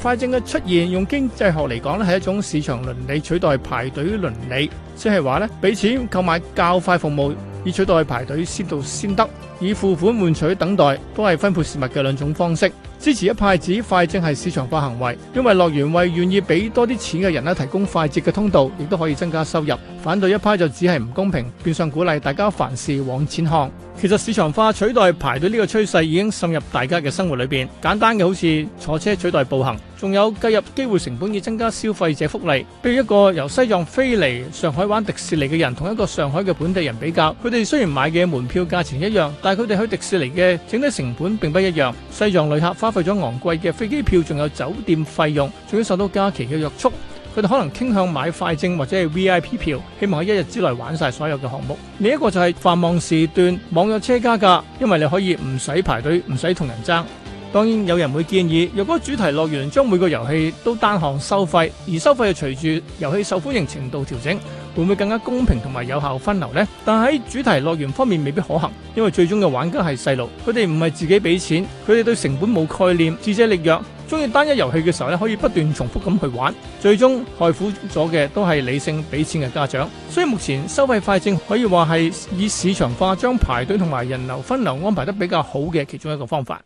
快證嘅出現，用經濟學嚟講咧，係一種市場倫理取代排隊倫理，即係話咧，俾錢購買較快服務，以取代排隊先到先得，以付款換取等待，都係分配事物嘅兩種方式。支持一派指快證係市場化行為，因為樂園為願意俾多啲錢嘅人咧提供快捷嘅通道，亦都可以增加收入。反對一派就只係唔公平，變相鼓勵大家凡事往錢看。其實市場化取代排隊呢個趨勢已經滲入大家嘅生活裏邊。簡單嘅好似坐車取代步行，仲有計入機會成本以增加消費者福利。譬如一個由西藏飛嚟上海玩迪士尼嘅人，同一個上海嘅本地人比較，佢哋雖然買嘅門票價錢一樣，但係佢哋去迪士尼嘅整體成本並不一樣。西藏旅客花費咗昂貴嘅飛機票，仲有酒店費用，仲要受到假期嘅約束。佢哋可能傾向買快證或者係 VIP 票，希望喺一日之內玩晒所有嘅項目。另一個就係繁忙時段網約車加價，因為你可以唔使排隊，唔使同人爭。當然有人會建議，若果主題樂園將每個遊戲都單項收費，而收費又隨住遊戲受歡迎程度調整，會唔會更加公平同埋有效分流呢？但喺主題樂園方面未必可行，因為最終嘅玩家係細路，佢哋唔係自己俾錢，佢哋對成本冇概念，智者力弱。中意單一遊戲嘅時候咧，可以不斷重複咁去玩，最終害苦咗嘅都係理性俾錢嘅家長。所以目前收費快證可以話係以市場化將排隊同埋人流分流安排得比較好嘅其中一個方法。